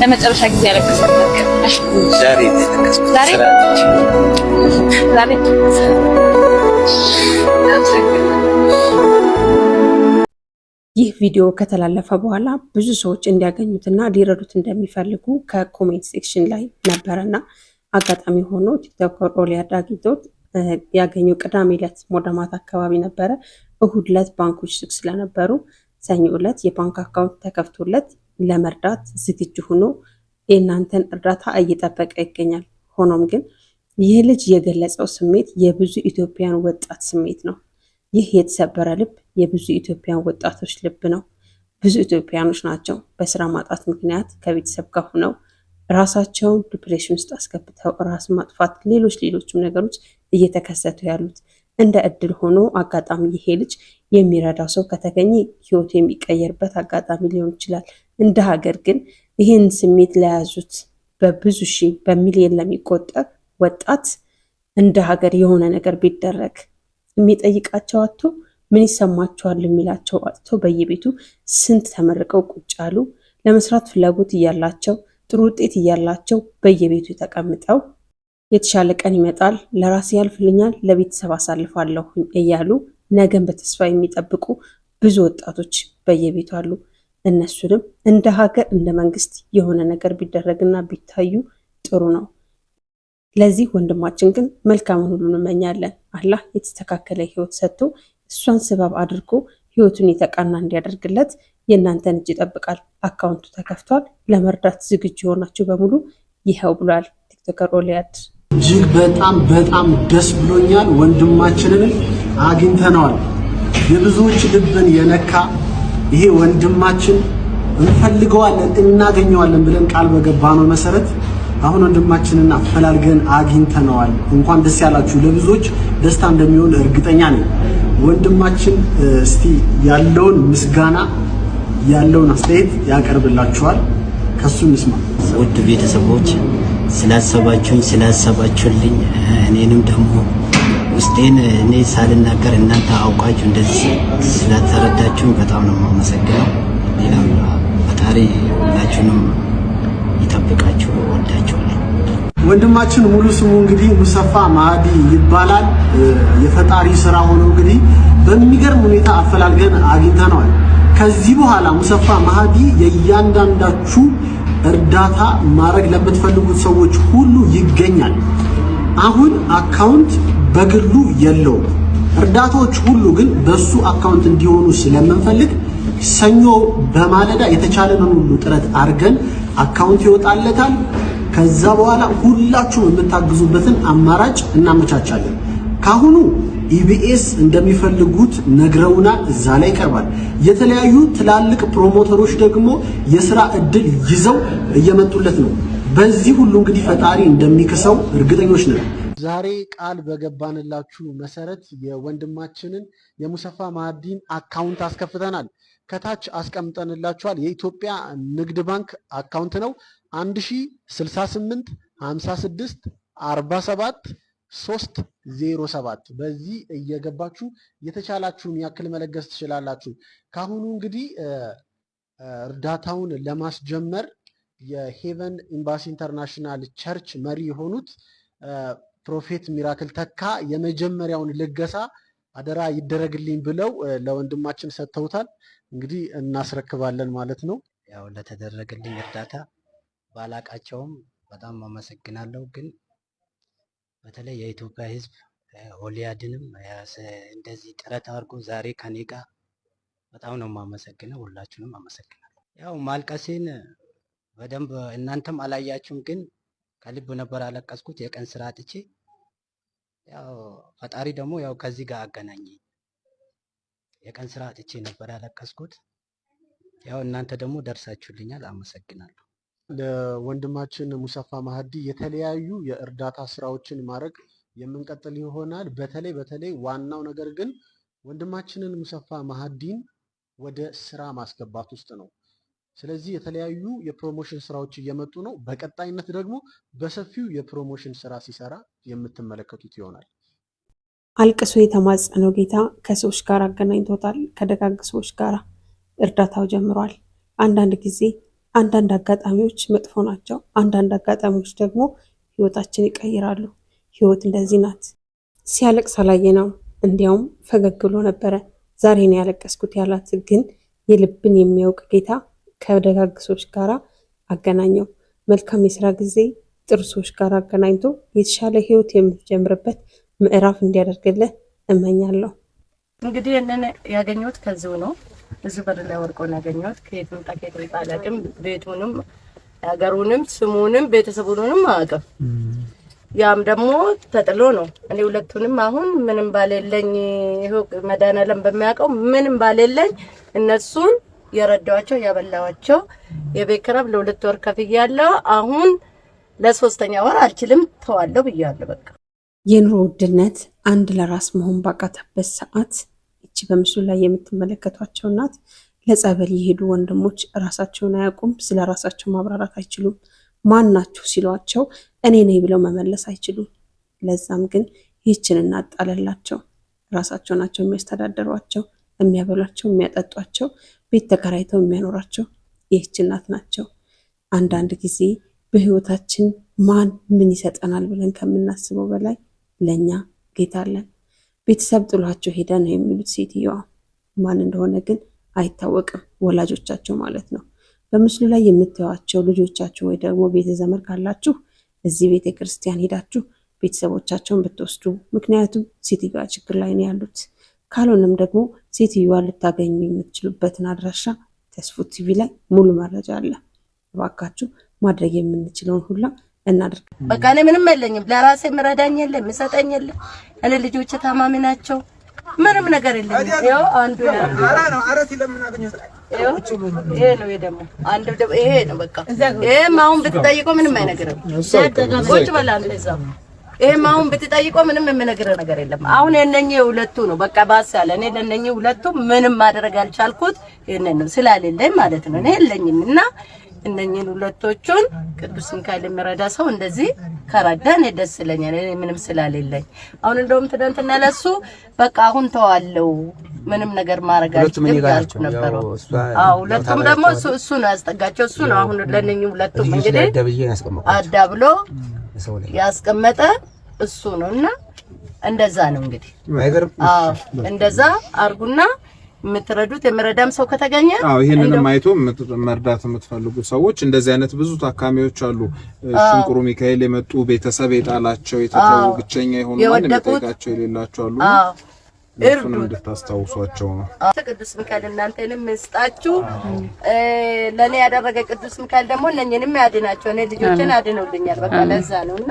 ለመጨረሻ ጊዜ ይህ ቪዲዮ ከተላለፈ በኋላ ብዙ ሰዎች እንዲያገኙትና ሊረዱት እንደሚፈልጉ ከኮሜንት ሴክሽን ላይ ነበረና አጋጣሚ ሆኖ ቲክቶከር ኦሊያድ አግኝቶት ያገኘው ቅዳሜ ዕለት ሞደማት አካባቢ ነበረ። እሁድ ዕለት ባንኮች ዝግ ስለነበሩ ሰኞ ዕለት የባንክ አካውንት ተከፍቶለት ለመርዳት ዝግጁ ሆኖ የእናንተን እርዳታ እየጠበቀ ይገኛል። ሆኖም ግን ይህ ልጅ የገለጸው ስሜት የብዙ ኢትዮጵያን ወጣት ስሜት ነው። ይህ የተሰበረ ልብ የብዙ ኢትዮጵያን ወጣቶች ልብ ነው። ብዙ ኢትዮጵያኖች ናቸው በስራ ማጣት ምክንያት ከቤተሰብ ጋር ሆነው ራሳቸውን ዲፕሬሽን ውስጥ አስገብተው ራስ ማጥፋት፣ ሌሎች ሌሎችም ነገሮች እየተከሰቱ ያሉት እንደ እድል ሆኖ አጋጣሚ ይሄ ልጅ የሚረዳው ሰው ከተገኘ ህይወቱ የሚቀየርበት አጋጣሚ ሊሆን ይችላል። እንደ ሀገር ግን ይህን ስሜት ለያዙት በብዙ ሺህ በሚሊዮን ለሚቆጠር ወጣት እንደ ሀገር የሆነ ነገር ቢደረግ የሚጠይቃቸው አቶ ምን ይሰማቸዋል የሚላቸው አቶ በየቤቱ ስንት ተመርቀው ቁጭ አሉ። ለመስራት ፍላጎት እያላቸው ጥሩ ውጤት እያላቸው በየቤቱ ተቀምጠው የተሻለ ቀን ይመጣል፣ ለራሴ ያልፍልኛል፣ ለቤተሰብ አሳልፋለሁ እያሉ ነገን በተስፋ የሚጠብቁ ብዙ ወጣቶች በየቤቱ አሉ። እነሱንም እንደ ሀገር እንደ መንግስት የሆነ ነገር ቢደረግና ቢታዩ ጥሩ ነው። ለዚህ ወንድማችን ግን መልካምን ሁሉ እንመኛለን። አላህ የተስተካከለ ህይወት ሰጥቶ እሷን ስባብ አድርጎ ህይወቱን የተቃና እንዲያደርግለት የእናንተን እጅ ይጠብቃል። አካውንቱ ተከፍቷል። ለመርዳት ዝግጁ የሆናችሁ በሙሉ ይኸው ብሏል ቲክቶከር ኦሊያድ። እጅግ በጣም በጣም ደስ ብሎኛል። ወንድማችንን አግኝተነዋል። የብዙዎች ልብን የነካ ይሄ ወንድማችን እንፈልገዋለን እናገኘዋለን ብለን ቃል በገባነው መሰረት አሁን ወንድማችንን አፈላልገን አግኝተነዋል። እንኳን ደስ ያላችሁ። ለብዙዎች ደስታ እንደሚሆን እርግጠኛ ነኝ። ወንድማችን እስቲ ያለውን ምስጋና ያለውን አስተያየት ያቀርብላችኋል። ከሱ እንስማ። ውድ ቤተሰቦች ስላሰባችሁኝ ስላሰባችሁልኝ እኔንም ደግሞ ውስጤን እኔ ሳልናገር እናንተ አውቃችሁ እንደዚህ ስላተረዳችሁኝ በጣም ነው የማመሰግነው። ሌላው ፈጣሪ ሁላችሁንም ይጠብቃችሁ። ወዳችኋለሁ። ወንድማችን ሙሉ ስሙ እንግዲህ ሙሰፋ ማህዲ ይባላል። የፈጣሪ ስራ ሆኖ እንግዲህ በሚገርም ሁኔታ አፈላልገን አግኝተነዋል። ከዚህ በኋላ ሙሰፋ ማህዲ የእያንዳንዳችሁ እርዳታ ማድረግ ለምትፈልጉት ሰዎች ሁሉ ይገኛል። አሁን አካውንት በግሉ የለውም። እርዳታዎች ሁሉ ግን በሱ አካውንት እንዲሆኑ ስለምንፈልግ ሰኞ በማለዳ የተቻለንን ሁሉ ጥረት አድርገን አካውንት ይወጣለታል። ከዛ በኋላ ሁላችሁም የምታግዙበትን አማራጭ እናመቻቻለን። ካሁኑ ኢቢኤስ እንደሚፈልጉት ነግረውናል። እዛ ላይ ይቀርባል። የተለያዩ ትላልቅ ፕሮሞተሮች ደግሞ የስራ እድል ይዘው እየመጡለት ነው። በዚህ ሁሉ እንግዲህ ፈጣሪ እንደሚክሰው እርግጠኞች ነን። ዛሬ ቃል በገባንላችሁ መሰረት የወንድማችንን የሙሰፋ ማዕዲን አካውንት አስከፍተናል። ከታች አስቀምጠንላችኋል። የኢትዮጵያ ንግድ ባንክ አካውንት ነው 1068 56 47 307 በዚህ እየገባችሁ የተቻላችሁን ያክል መለገስ ትችላላችሁ። ካሁኑ እንግዲህ እርዳታውን ለማስጀመር የሄቨን ኤምባሲ ኢንተርናሽናል ቸርች መሪ የሆኑት ፕሮፌት ሚራክል ተካ የመጀመሪያውን ልገሳ አደራ ይደረግልኝ ብለው ለወንድማችን ሰጥተውታል። እንግዲህ እናስረክባለን ማለት ነው። ያው ለተደረገልኝ እርዳታ ባላቃቸውም በጣም አመሰግናለሁ። ግን በተለይ የኢትዮጵያ ሕዝብ ኦሊያድንም እንደዚህ ጥረት አድርጎ ዛሬ ከኔ ጋር በጣም ነው የማመሰግነው። ሁላችሁንም አመሰግናለሁ። ያው ማልቀሴን በደንብ እናንተም አላያችሁም፣ ግን ከልብ ነበር አለቀስኩት የቀን ስራ አጥቼ ያው ፈጣሪ ደግሞ ያው ከዚህ ጋር አገናኘ። የቀን ስራ አጥቼ ነበር ያለቀስኩት። ያው እናንተ ደግሞ ደርሳችሁልኛል፣ አመሰግናለሁ። ለወንድማችን ሙሰፋ ማህዲ የተለያዩ የእርዳታ ስራዎችን ማድረግ የምንቀጥል ይሆናል። በተለይ በተለይ ዋናው ነገር ግን ወንድማችንን ሙሰፋ ማህዲን ወደ ስራ ማስገባት ውስጥ ነው። ስለዚህ የተለያዩ የፕሮሞሽን ስራዎች እየመጡ ነው። በቀጣይነት ደግሞ በሰፊው የፕሮሞሽን ስራ ሲሰራ የምትመለከቱት ይሆናል። አልቅሶ የተማጸነው ጌታ ከሰዎች ጋር አገናኝቶታል። ከደጋግ ሰዎች ጋር እርዳታው ጀምሯል። አንዳንድ ጊዜ አንዳንድ አጋጣሚዎች መጥፎ ናቸው። አንዳንድ አጋጣሚዎች ደግሞ ህይወታችን ይቀይራሉ። ህይወት እንደዚህ ናት። ሲያለቅስ አላየ ነው። እንዲያውም ፈገግ ብሎ ነበረ። ዛሬ ነው ያለቀስኩት ያላት ግን የልብን የሚያውቅ ጌታ ከደጋግ ሰዎች ጋር አገናኘው። መልካም የስራ ጊዜ ጥሩ ሰዎች ጋር አገናኝቶ የተሻለ ህይወት የምትጀምርበት ምዕራፍ እንዲያደርግልህ እመኛለሁ። እንግዲህ ይህንን ያገኘሁት ከዚሁ ነው። እዚሁ በር ላይ ወርቆ ነው ያገኘሁት። ከየት መጣ ከየት መጣ አላውቅም። ቤቱንም ሀገሩንም ስሙንም ቤተሰቡንም አያውቅም። ያም ደግሞ ተጥሎ ነው። እኔ ሁለቱንም አሁን ምንም ባሌለኝ ይኸው መድኃኒዓለም በሚያውቀው ምንም ባሌለኝ እነሱን የረዳኋቸው ያበላዋቸው የቤት ኪራይ ለሁለት ወር ከፍያለሁ። አሁን ለሶስተኛ ወር አልችልም ተዋለሁ ብያለሁ። በቃ የኑሮ ውድነት አንድ ለራስ መሆን ባቃተበት ሰዓት እቺ በምስሉ ላይ የምትመለከቷቸው እናት ለጸበል የሄዱ ወንድሞች ራሳቸውን አያውቁም፣ ስለ ራሳቸው ማብራራት አይችሉም። ማን ናችሁ ሲሏቸው እኔ ነኝ ብለው መመለስ አይችሉም። ለዛም ግን ይህችን እናጣለላቸው ራሳቸው ናቸው የሚያስተዳደሯቸው፣ የሚያበሏቸው፣ የሚያጠጧቸው ቤት ተከራይተው የሚያኖራቸው ይህች እናት ናቸው። አንዳንድ ጊዜ በህይወታችን ማን ምን ይሰጠናል ብለን ከምናስበው በላይ ለእኛ ጌታ አለን። ቤተሰብ ጥሏቸው ሄደ ነው የሚሉት ሴትየዋ፣ ማን እንደሆነ ግን አይታወቅም፣ ወላጆቻቸው ማለት ነው። በምስሉ ላይ የምታዩቸው ልጆቻችሁ ወይ ደግሞ ቤተ ዘመድ ካላችሁ እዚህ ቤተ ክርስቲያን ሄዳችሁ ቤተሰቦቻቸውን ብትወስዱ፣ ምክንያቱም ሴትዮዋ ችግር ላይ ነው ያሉት። ካልሆነም ደግሞ ሴትዮዋ ልታገኙ የምትችሉበትን አድራሻ ተስፉት ቲቪ ላይ ሙሉ መረጃ አለ። እባካችሁ ማድረግ የምንችለውን ሁላ እናደርግ። በቃ እኔ ምንም የለኝም፣ ለራሴ ምረዳኝ የለም፣ ምሰጠኝ የለም። እኔ ልጆች ታማሚ ናቸው፣ ምንም ነገር የለኝም። ይኸው አንዱ ይሄ ነው በቃ። ይሄም አሁን ብትጠይቀው ምንም አይነግርም። ቁጭ በላ እዛው ይሄም አሁን ብትጠይቀው ምንም የምነግርህ ነገር የለም። አሁን የእነኝህ ሁለቱ ነው በቃ ባስ ያለ እኔ ለእነኝህ ሁለቱ ምንም ማድረግ አልቻልኩት። ይሄንን ነው ስላሌለኝ ማለት ነው እኔ የለኝም እና እነኝህን ሁለቶቹን ቅዱስ ሚካኤል የሚረዳ ሰው እንደዚህ ከረዳ እኔ ደስ ይለኛል። እኔ ምንም ስላሌለኝ አሁን እንደውም ትናንትና ለሱ በቃ አሁን ተዋለው ምንም ነገር ማድረግ አልቻልኩም ነበር። አዎ ሁለቱም ደግሞ እሱ ነው ያስጠጋቸው። እሱ ነው አሁን ለእነኝህ ሁለቱም እንግዲህ አዳብሎ ያስቀመጠ እሱ ነው እና እንደዛ ነው እንግዲህ እንደዛ አርጉና የምትረዱት የምረዳም ሰው ከተገኘ አዎ፣ ይሄንንም አይቶ መርዳት የምትፈልጉ ሰዎች እንደዚህ አይነት ብዙ ታካሚዎች አሉ። ሽንቁሩ ሚካኤል የመጡ ቤተሰብ የጣላቸው የተተው ብቸኛ የሆኑ ማንም የሌላቸው አሉ። እርዱን እንድታስታውሷቸው ነው። ቅዱስ ሚካኤል እናንተንም እስጣችሁ። ለእኔ ያደረገ ቅዱስ ሚካኤል ደግሞ እነኝንም ያድናቸው። እኔ ልጆችን አድነውልኛል። በቃ ለዛ ነው እና